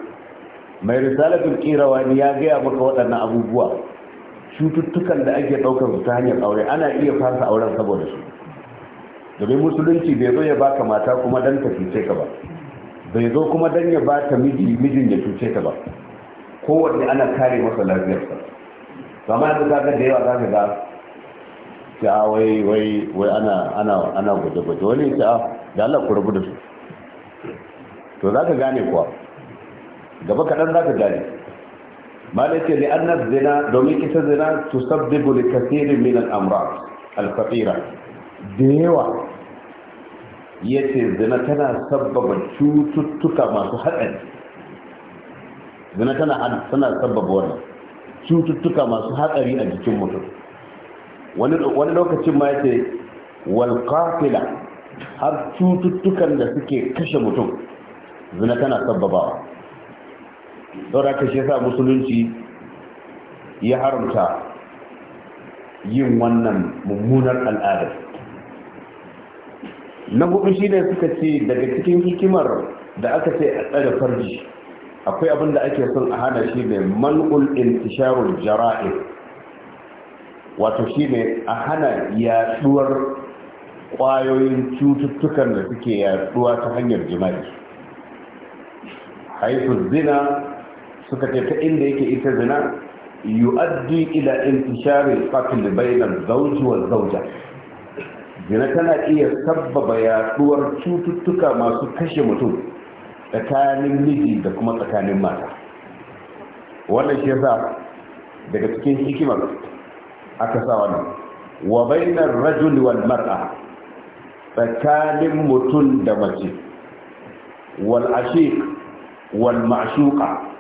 mai risalatul kirawani ya gaya maka waɗannan abubuwa cututtukan da ake ɗaukar su ta hanyar aure ana iya fasa auren saboda su domin musulunci bai zo ya baka mata kuma dan ta cuce ka ba bai zo kuma dan ya baka miji mijin ya cuce ka ba kowanne ana kare masa lafiyarsa Kamar da kaga da yawa zaka ga ta wai wai wai ana ana ana gwaje-gwaje wani ta ah, da Allah ku rabu da su to zaka gane kuwa gaba kaɗan za ka gane malai ce li annas zina domin ita zina su sabbibu li kasirin min al'amra alfafira da yawa ya ce zina tana sabbaba cututtuka masu haɗari zina tana sabbaba wannan cututtuka masu haɗari a jikin mutum wani lokacin ma ya ce walƙafila har cututtukan da suke kashe mutum zina tana sabbabawa saboda ka shi yasa musulunci ya haramta yin wannan mummunar al'adar na hudu shi ne suka ce daga cikin hikimar da aka ce a tsada farji akwai abin da ake son a hana shi ne mal'ul intisharul jara'i wato shi ne a hana yaduwar kwayoyin cututtukan da suke yaduwa ta hanyar jima'i haifu zina suka ce ta inda yake ita zina yu'addi ila intisharil qatl bainal zawj wal zawja zina tana iya sabbaba yaduwar cututtuka masu kashe mutum tsakanin miji da kuma tsakanin mata wannan shi yasa daga cikin hikimar aka sa wannan wa bainar rajul wal mar'a tsakanin mutum da mace wal ashiq wal ma'shuqa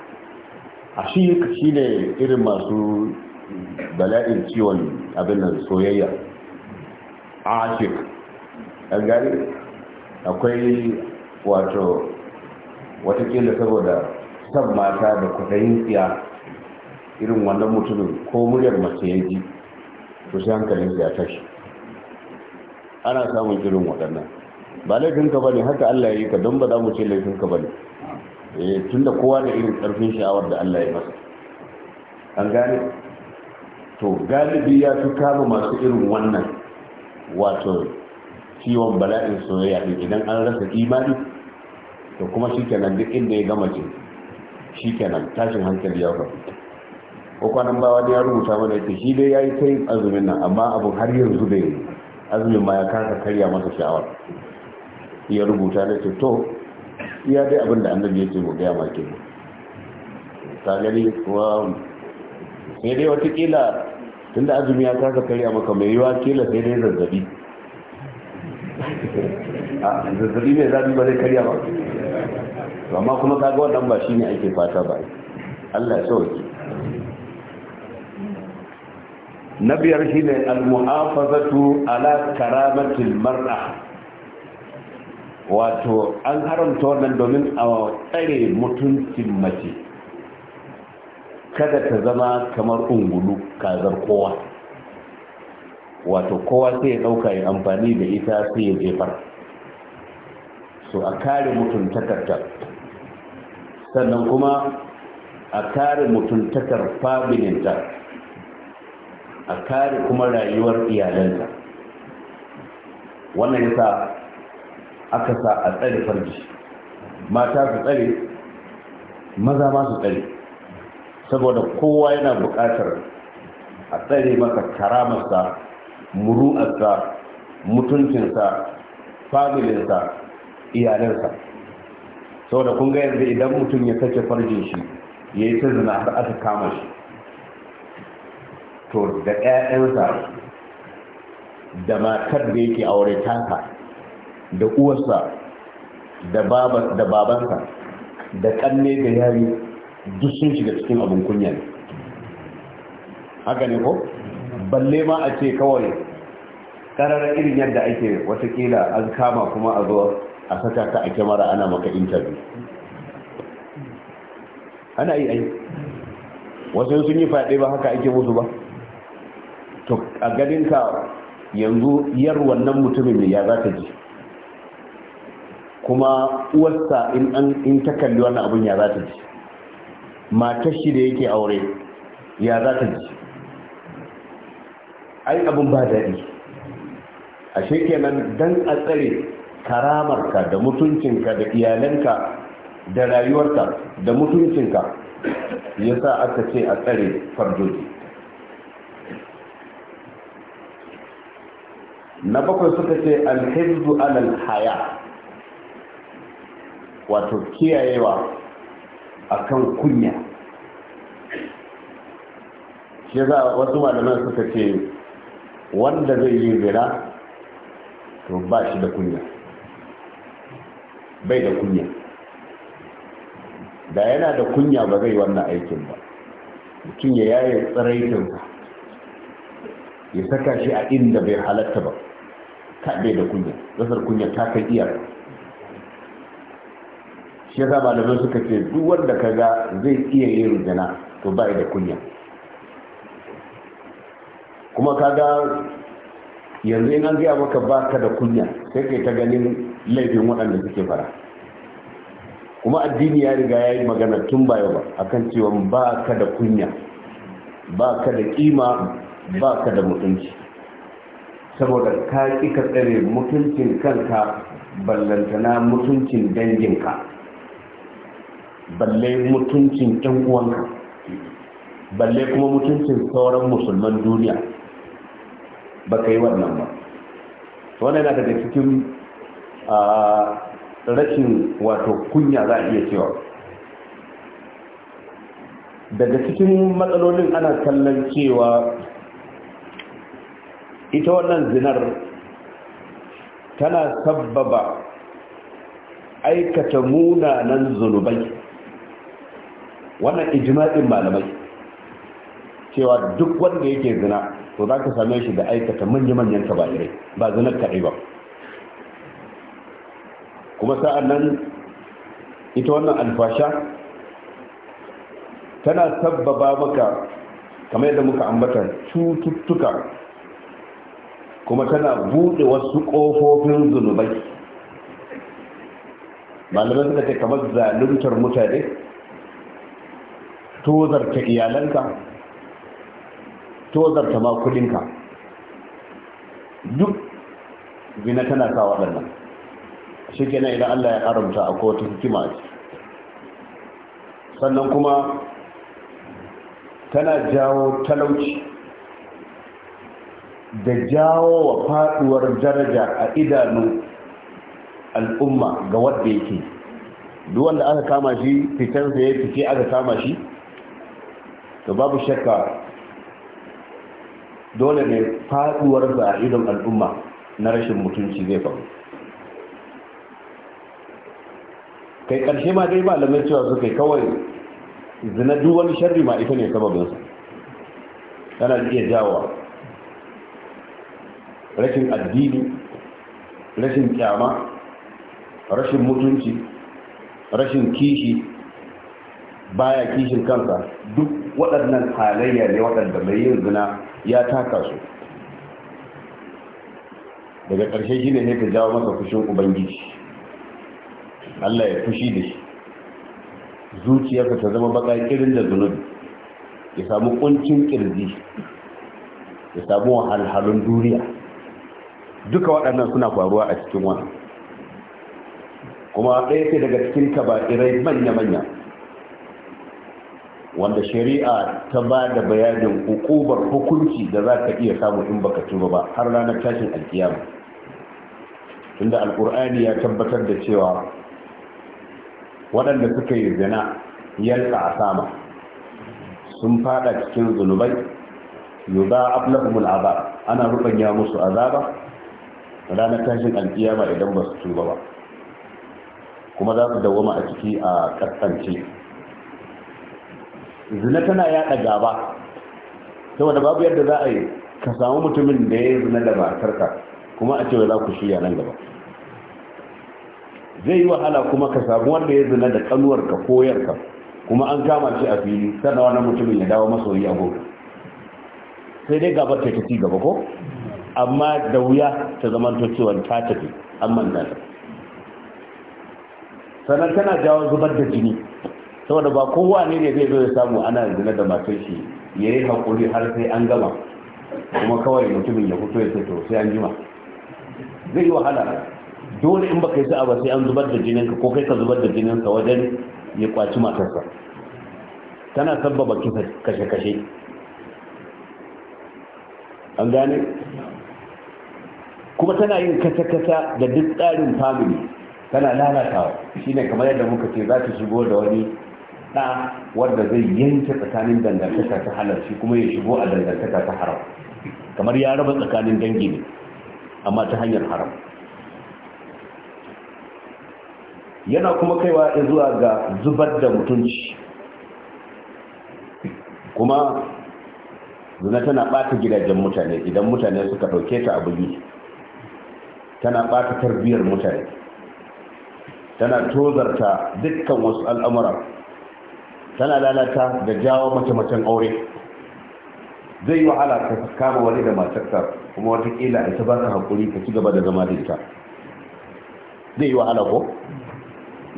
a shi shi ne irin masu bala'in ciwon abin da soyayya a ashik an gari akwai wato watakila saboda san mata da kudayin tsiya irin wannan mutumin ko muryar mace ya ji to shi hankalin ta shi. ana samun irin waɗannan ba laifinka ba ne haka allah ya yi ka don ba za mu ce laifinka ba ne Eh, tun da kowa da irin ƙarfin sha'awar da Allah ya masa an gane to galibi ya fi kama masu irin wannan wato ciwon bala'in soyayya ɗin idan an rasa imani to kuma shikenan duk inda ya gama ce shikenan tashin hankali ya faru ko kwanan bawa ne ya rubuta mana yake shi dai ya yi ta azumin nan amma abu har yanzu da azumin ma ya kasa karya masa sha'awar ya rubuta na ce to gaskiya dai abin da annabi ya ce mu gaya maki ne ta gani kuwa sai dai watakila tunda azumi ya kasa karya maka mai yiwa kila sai dai zazzabi a zazzabi mai zabi ba zai karya ba amma kuma kaga wannan ba shi ne ake fata ba Allah ya sauki na biyar shine al-muhafazatu ala karamatil mar'a wato an haramta wannan domin a tsare mutuncin mace kada ta zama kamar ungulu kazar kowa wato kowa sai ya ɗauka ya amfani da ita sai ya jefar so a kare mutuntakarta sannan kuma a kare mutuntakar familinta a kare kuma rayuwar iyalanta wannan yasa aka sa a tsare farji mata su tsare maza ma su tsare saboda kowa yana buƙatar a tsare masa karamarsa muru'arsa mutuncinsa familinsa iyalinsa saboda kun ga yanzu idan mutum ya sace farjin shi ya yi ta zina har aka kama shi to da 'ya'yansa da matar da yake aure taka da uwarsa da babansa da kanne da yari duk sun shiga cikin abin kunya ne haka ne ko balle ma a ce kawai kararar irin yadda ake watakila an kama kuma a zo a saka ta a kyamara ana maka intabi ana yi ai wasu sun yi faɗe ba haka ake musu ba to a ganinka yanzu yar wannan mutumin ya za ta ji kuma uwarsa in an in ta kalli wannan abun ya za ta ji matar shi da yake aure ya za ta ji ai abun ba daɗi ashe kenan dan a tsare karamarka da mutuncinka da iyalanka da rayuwarka da mutuncinka ya sa aka ce a tsare farjoji na bakwai suka ce alhibdu alal haya wato kiyayewa a kan kunya shi za wasu malaman suka ce wanda zai yi zira to ba shi da kunya bai da kunya da yana da kunya ba zai wannan aikin ba mutum ya yaye tsiraitinsa ya saka shi a inda bai halatta ba bai da kunya rasar kunya ta kai iyaka shi yasa malamai suka ce duk wanda ga zai iya yin rujana to ba da kunya kuma kaga yanzu ina an gaya maka ba ka da kunya sai kai ta ganin laifin waɗanda suke fara kuma addini ya riga ya yi magana tun yau ba akan cewa ba ka da kunya ba ka da kima ba ka da mutunci saboda ka ƙi ka tsare mutuncin kanka ballantana mutuncin danginka balle mutuncin ɗan uwanka balle kuma mutuncin sauran musulman duniya ba ka yi wannan ba wannan yana daga cikin rashin wato kunya za a iya cewa daga cikin matsalolin ana kallon cewa ita wannan zinar tana sabbaba aikata munanan zunubai wannan ijma'in malamai cewa duk wanda yake zina to za ka same shi da aikata manya-manyan kaba'irai ba zinar kaɗai ba kuma sa'an nan ita wannan alfasha tana sabbaba maka kamar yadda muka ambata cututtuka kuma tana buɗe wasu ƙofofin zunubai malamai suka ce kamar zaluntar mutane tozarta iyalanka tozarta ma kudinka duk zina tana sa waɗannan shi kenan idan Allah ya haramta a kowace hikima a sannan kuma tana jawo talauci da jawo wa faɗuwar daraja a idanun al'umma ga wadda yake duk wanda aka kama shi da ya fice aka kama shi to babu shakka dole ne faduwar da idon al'umma na rashin mutunci zai faru kai karshe ma dai malamai cewa su kai kawai zina duk wani sharri ma ita ne sababinsa tana iya jawo rashin addini rashin kyama rashin mutunci rashin kishi baya kishin kanka duk waɗannan halayya ne waɗanda mai yin zina ya taka su daga ƙarshe shi ne ka jawo maka fushin ubangiji allah ya fushi da shi zuciyarsa ta zama baka irin da zunubi ya samu ƙuncin ƙirji ya samu wahalhalun duniya duka waɗannan suna faruwa a cikin wannan kuma ɗaya ce daga cikin kaba'irai manya-manya wanda shari'a ta ba da bayanin hukubar hukunci da za ka iya samu in baka tuba ba har ranar tashin alkiyama tunda alkur'ani ya tabbatar da cewa waɗanda suka yi zina yalka a sama sun fada cikin zunubai yuba aflahumul azab ana rubanya musu azaba ranar tashin alkiyama idan ba su tuba ba kuma za su dawama a ciki a kaskance zina tana yaɗa gaba saboda babu yadda za a yi ka samu mutumin da ya zina da matarka kuma a cewa za ku shirya nan gaba zai yi wahala kuma ka samu wanda ya zina da koyar koyarka kuma an kama shi a fili sannan wani mutumin ya dawo masoyi a gobe sai dai gabar ta ci gaba ko amma da wuya ta zama cewa ta tafi an manta ta sannan tana jawo zubar da jini saboda ba kowa ne ne zai zo ya samu ana zina da matar shi ya yi haƙuri har sai an gama kuma kawai mutumin ya fito ya ce to sai an jima zai yi wahala dole in baka yi sa'a ba sai an zubar da jininka ko kai ka zubar da jininka wajen ya kwaci matarsa tana sabbaba kisa kashe-kashe an gane kuma tana yin kasa-kasa da duk tsarin family tana lalatawa shine kamar yadda muka ce za ta shigo da wani ɗa wanda zai yanke tsakanin dangantaka ta halar shi kuma ya shigo a dangantaka ta haram kamar ya raba tsakanin dangi ne amma ta hanyar haram yana kuma kaiwa zuwa ga zubar da mutunci kuma zina tana ɓata gidajen mutane idan mutane suka ɗauke ta abu yi tana ɓata tarbiyyar mutane tana tozarta dukkan wasu al'amura tana lalata da jawo mace-macen aure zai yi wahala ka kama wani da matarsa kuma watakila ita ba ka haƙuri ka ci gaba da zama da ita zai yi wahala ko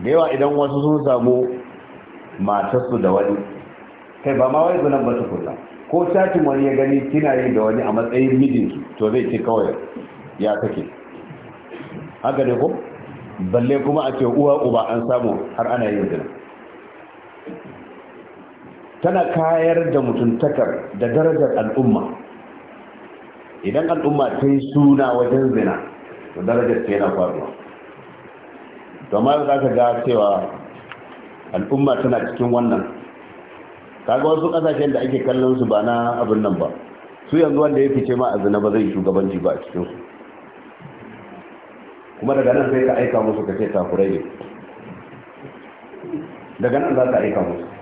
da yawa idan wasu sun samu matarsu da wani kai ba ma wai zunan ba su kusa ko satin wani ya gani kina yi da wani a matsayin mijinki to zai ce kawai ya kake haka ne ko balle kuma a ce uwa uba an samu har ana yin zina tana kayar da mutuntakar da darajar al'umma idan al'umma ta yi suna wajen zina da darajar ta yana faruwa domin za ka ga cewa al'umma tana cikin wannan kaga wasu kasashen da ake kallon su ba na abin nan ba su yanzu wanda ya fice ma a zina ba zai shugabanci ba a cikin su kuma daga nan sai ka aika musu ka ce takurai ne daga nan za ka aika musu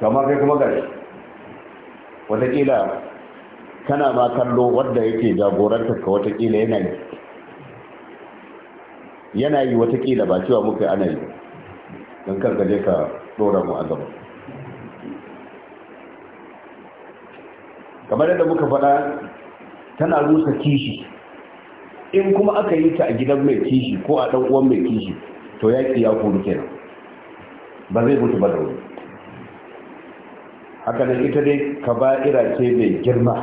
kamar kai kuma gashi watakila kana ma kallo wadda yake jagorantar ka watakila yana yi yana yi watakila ba cewa muka ana yi don kar gaje ka dora mu azaba kamar yadda muka faɗa tana rusa kishi in kuma aka yi ta a gidan mai kishi ko a ɗan uwan mai kishi to yaƙi ya kuru kenan ba zai mutu ba da wuri Hakanan ita dai ka kaba'ira ce mai girma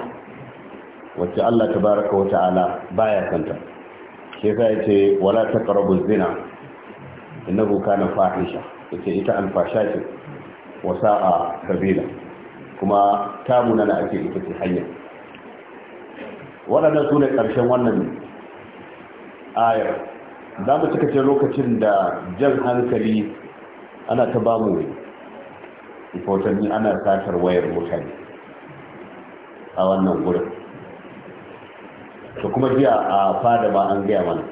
wacce Allah ta baraka wa ta'ala baya santa za a ce wala taqrabu zina innahu kana fahisha yace ita alfasha ce wasa a kabila kuma tamuna na ake ita ce hanya waɗannan su ne ƙarshen wannan ayar za mu cika ce lokacin da jan hankali ana ta bamu ne fotanni ana satar wayar mutane a wannan gurin To kuma jiya a fada ba an gaya mana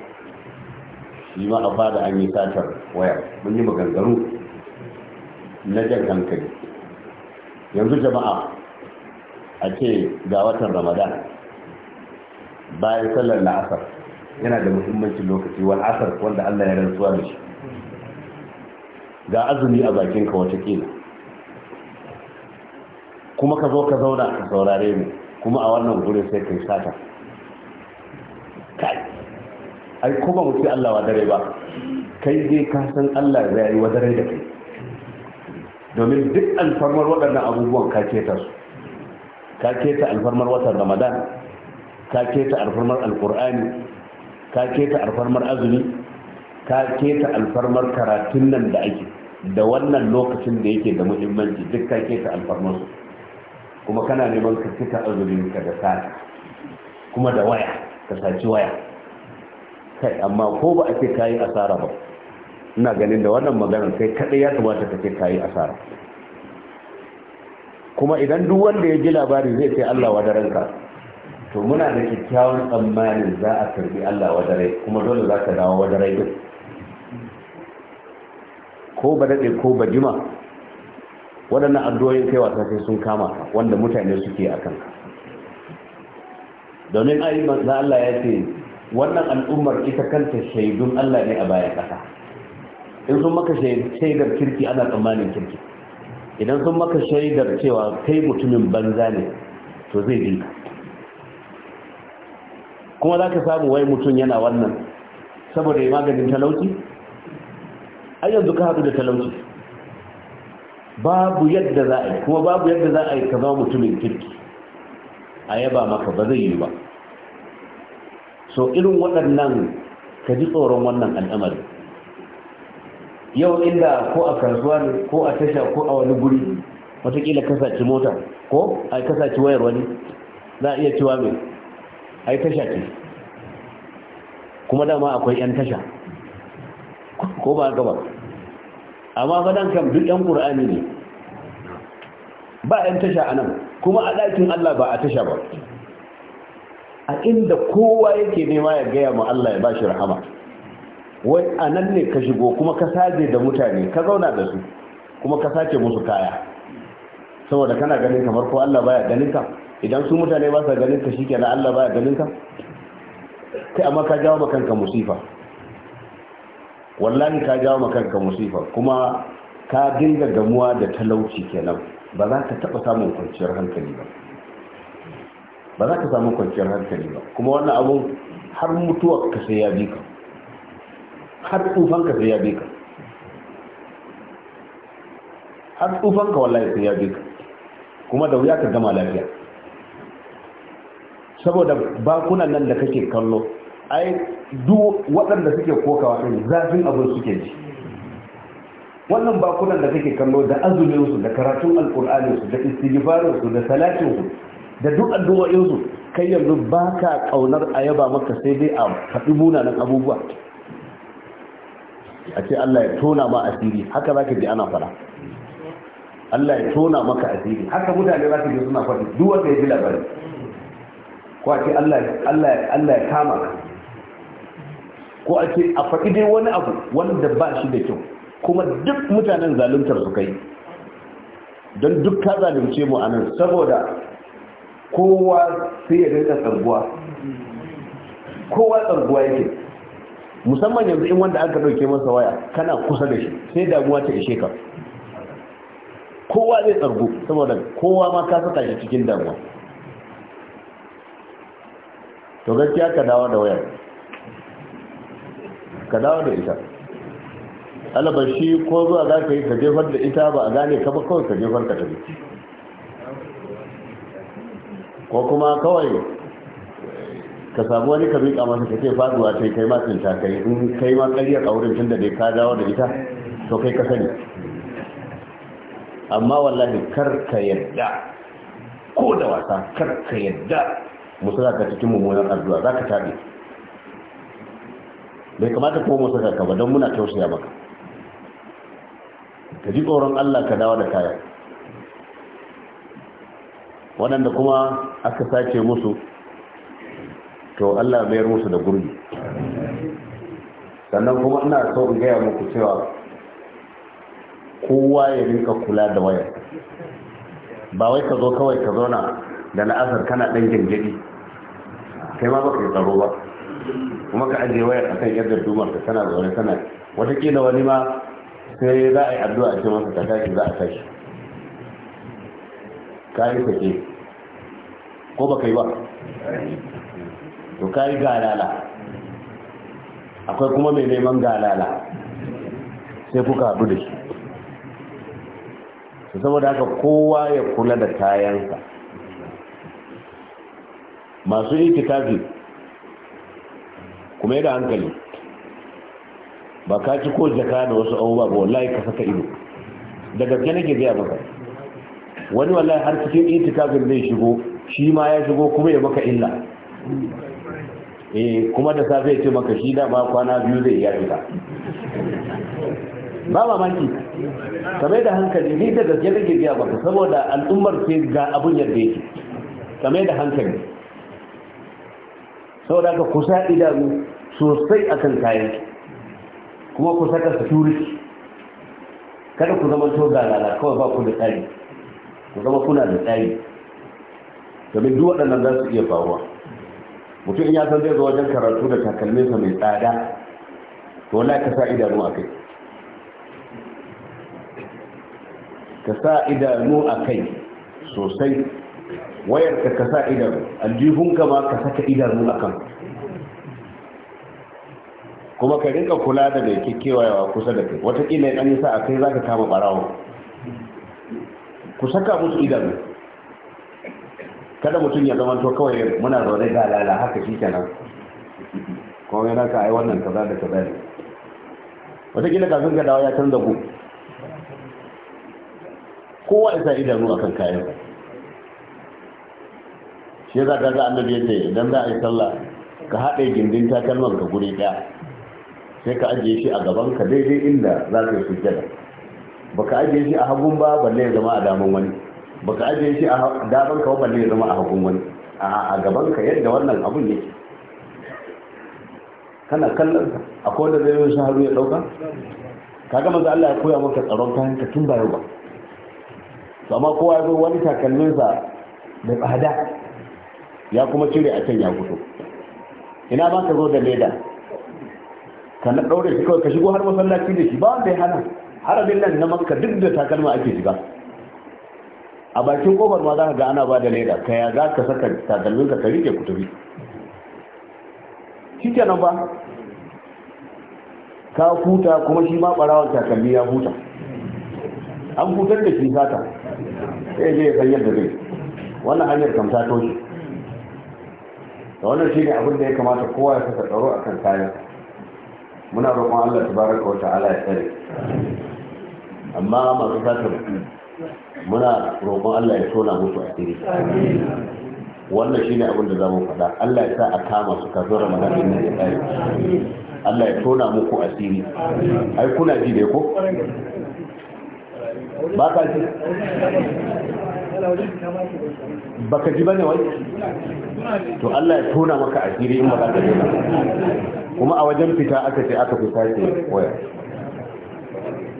shi ma a fada an yi satar wayar mun yi maganganu na jan hankali yanzu jama'a a ce ga watan ramadan bayan sallar la'asar yana da muhimmancin lokaci wal asar wanda allah ya rantsuwa da shi ga azumi a bakinka watakila kuma ka zo ka zauna ka saurare ni kuma a wannan gurin sai ka yi sata ai kuma mu ce Allah wa dare ba kai dai ka san Allah zai yi wa dare da kai domin duk alfarmar waɗannan abubuwan ka keta su ka keta alfarmar watan Ramadan ka keta alfarmar Alkur'ani ka keta alfarmar azumi ka keta alfarmar karatun nan da ake da wannan lokacin da yake da muhimmanci duk ka keta alfarmar su kuma kana neman ka fita azumin ka da sati kuma da waya ka saci waya kai amma ko ba a kayi asara ba ina ganin da wannan maganar kai kadai ya kamata ka kayi asara kuma idan duk wanda ya ji labari zai ce Allah wadaranka to muna da kyakkyawan tsammanin za a karbi Allah wadarai kuma dole za ka dawo wadarai din ko ba daɗe ko ba jima waɗannan addu'o'in kai wasa sai sun kama wanda mutane suke a kanka domin ayi manzo Allah ya ce wannan al'ummar ita kanta shaidun Allah ne a baya ƙasa in sun maka shaidar kirki ana tsammanin kirki idan sun maka shaidar cewa kai mutumin banza ne to zai bi ka kuma za ka samu wai mutum yana wannan saboda ya maganin talauci ai yanzu ka haɗu da talauci babu yadda za a yi kuma babu yadda za a yi ka zama mutumin kirki a yaba maka ba zai yi ba so irin waɗannan ka ji tsoron wannan al'amari yau inda ko a kasuwa ne ko a tasha ko a wani guri watakila kasace mota ko a kasace wayar wani za a iya cewa mai a tasha ce kuma dama akwai 'yan tasha ko ba gaba amma fadan kan duk ɗan ƙur'ani ne ba ɗan tasha a nan kuma a ɗakin Allah ba a tasha ba a inda kowa yake nema ya gaya ma Allah ya ba shi rahama wai a nan ne ka shigo kuma ka saje da mutane ka zauna da su kuma ka sace musu kaya saboda kana ganin kamar ko Allah baya ganin ka idan su mutane ba sa ganin ka shikenan Allah baya ganin ka kai amma ka jawo kanka musifa wallahi ka jawo ma kanka musifa kuma ka dinga gamuwa da talauci kenan ba za ka taɓa samun kwanciyar hankali ba ba za ka samu kwanciyar hankali ba kuma wannan abun har mutuwa ka sai ya bi ka har tsufan ka sai ya bi ka har tsufan ka wallahi sai ya bi ka kuma da wuya ka gama lafiya saboda bakunan nan da kake kallo ai duk waɗanda suke kokawa ɗin zafin abin suke ji wannan bakunan da kake kallo da azumin su, da karatun su, da su, da su da duk addu'o'insu kai yanzu baka kaunar ƙaunar a yaba maka sai dai a faɗi munanan abubuwa a ce Allah ya tona ma asiri haka za ji ana fara Allah ya tona maka asiri haka mutane za ka ji suna faɗi duk wanda ya ji labari ko a ce Allah ya kama ka ko a ce a faɗi dai wani abu wanda ba shi da kyau kuma duk mutanen zaluntar su kai don duk ka zalunce mu anan saboda kowa sai ya rinka tsarguwa kowa tsarguwa yake musamman yanzu in wanda aka ɗauke masa waya kana kusa da shi sai damuwa ta ishe ka kowa zai tsargu saboda kowa ma ka saka shi cikin damuwa to gaskiya ka dawo da wayar ka dawo da ita shi ko zuwa za ka yi ka jefar da ita ba a gane ka ba kawai ka jefar ka tafi ko kuma kawai ka samu wani ka miƙa masa ka ce faduwa ta kai ma tsinta kai in kai ma ƙaryar a wurin da dai ka dawo da ita to kai ka sani amma wallahi kar ka yadda ko da wasa kar ka yadda musu za ka cikin mummunan addu'a za ka taɓe bai kamata ko mu saka ka ba don muna tausaya maka ka ji tsoron Allah ka dawo da kayan waɗanda kuma aka sace musu to Allah mayar musu da gurbi sannan kuma ina so in gaya muku cewa kowa ya rinka kula da waya. ba wai ka zo kawai ka zauna da na'azar kana ɗan gingiri kai ma ka yi tsaro ba kuma ka ajiye wayar a kan yadda dumar ka tana zaune tana watakila wani ma sai za a yi addu'a a cikin wasu ka tashi za a tashi ka yi sake ko ba ka yi ba to ka yi galala akwai kuma mai neman galala sai kuka haɗu da shi su saboda haka kowa ya kula da kayansa masu itikafi kuma da hankali ba ka ci ko jaka da wasu abubuwa ba wallahi ka saka ido da gaske nake gaya maka wani wallahi har cikin itikafin zai shigo shi ma ya shigo kuma ya maka illa eh kuma da safe ya ce maka shi da ba kwana biyu zai iya fita ba mamaki kamar da hankali ni da gaske nake gaya maka saboda al'ummar ce ga abun yadda yake kamar da hankali saboda ka kusa idanu sosai akan kayan kuma ku saka security kada ku zama to galala kawai ba ku da tsari ku zama kuna da tsari domin duk waɗannan za su iya faruwa mutum in ya san zai zo wajen karatu da takalmin sa mai tsada to wala ka sa idanu a kai ka sa idanu a kai sosai wayar ka kasa idanu aljihunka ma ka saka idanu a kan kuma ka rinka kula da mai kekewayawa kusa da kai watakila ya ɗanyi sa a kai za ka kama ɓarawo ku saka musu idanu kada mutum ya zama to kawai muna zaune da lala haka shi kenan kuma yana ka ai wannan kaza da kaza ne watakila kafin ka dawo ya canza ku kowa isa idanu akan kayan shi yasa ka ga annabi yace idan za a yi sallah ka haɗe gindin takalman ka guri ɗaya sai ka ajiye shi a gaban ka daidai inda za ka yi sujjada baka ajiye shi a hagun ba balle ya zama a daman wani baka ajiye shi a daman ka balle ya zama a hagun wani a a gaban ka yadda wannan abun yake kana kallon ka akwai wanda zai yi haru ya ɗauka kaga maza Allah ya koya maka tsaron kayan ka tun ba yau ba amma kowa ya zo wani takalminsa da tsada ya kuma cire a can ya fito ina ba ka zo da leda ka na ɗaure shi kawai ka shigo har masallaci da shi ba wanda ya hana harabin nan na manka duk da takalma ake shiga a bakin kofar ma za ka ga ana ba da leda ka ya za ka saka takalmin ka tari ke kuturi shi nan ba ka huta kuma shi ma ɓarawar takalmi ya huta an hutar da shi sata sai zai san yadda zai wannan hanyar kamta toshe da wannan shi ne abin da ya kamata kowa ya saka tsaro a kan kayan muna roƙon allah ta baraka wata ala ya tsare amma masu sata muna roƙon allah ya tona musu a tsiri wannan shi ne abin da za mu faɗa allah ya sa a kama su kafin ramadan ɗin ya tsare allah ya tona muku asiri ai kuna ji da ko ba ka ji baka ji bane wai to Allah ya tona maka asiri in baka ji ba kuma a wajen fita aka ce aka fita ce waya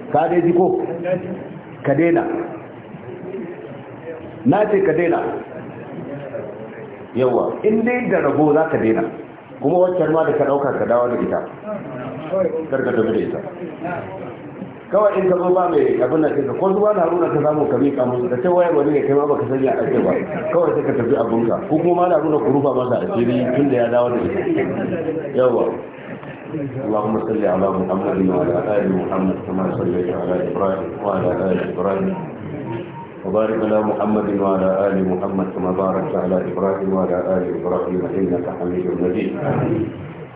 ka dai ji ko ka daina na ce ka daina yawa in dai da rabo za ka daina kuma waccan ma da ka dauka ka dawo da ita karka tafi da ita kawai in ka zo ba mai abin nan sai ka ko zuwa da haruna ka samu ka miƙa musu da cewa yau ne kai ma baka sanya a ba kawai sai ka tafi abunka ko kuma ma haruna ku rufa masa asiri tun da ya dawo da ita yawa اللهم صل على محمد وعلى ال محمد كما صليت على ابراهيم وعلى ال ابراهيم وبارك على محمد وعلى ال محمد كما باركت على ابراهيم وعلى ال ابراهيم انك حميد مجيد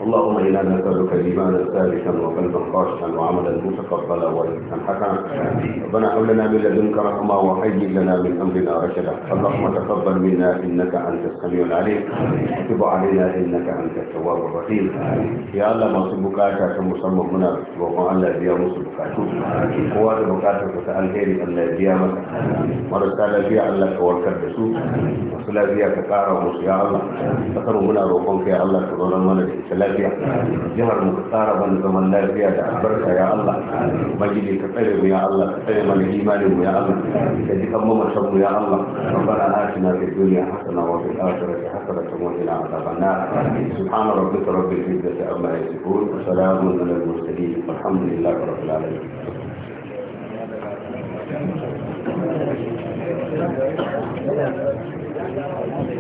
اللهم إنا نسألك إيمانا ثابتا وقلبا خاشعا وعملا متقبلا ورزقا حسنا ربنا هب لنا من لدنك رحمة وهيئ لنا من أمرنا رشدا اللهم تقبل منا إنك أنت السميع العليم وتب علينا إنك أنت التواب الرحيم يا الله ما سبكاك كمسمى هنا وقال الله بيا مسبكاك هو وسأل فتألهي ان بيا مسك مرسال بيا الله كوركب بسوء وصلا بيا كتارا وصيا الله تقروا منا روحك يا الله تظلمنا الإسلام lafiya jihar mu tsara mana zaman lafiya da albarka ya Allah majidi ka tsare mu ya Allah ka tsare mana imanin mu ya Allah ka ji kan mamatan mu ya Allah rabbana atina fid dunya hasana wa fil akhirati hasana wa qina adhaban nar subhana rabbika rabbil izzati amma yasifun wa salamun alal mursalin walhamdulillahi rabbil alamin Thank you.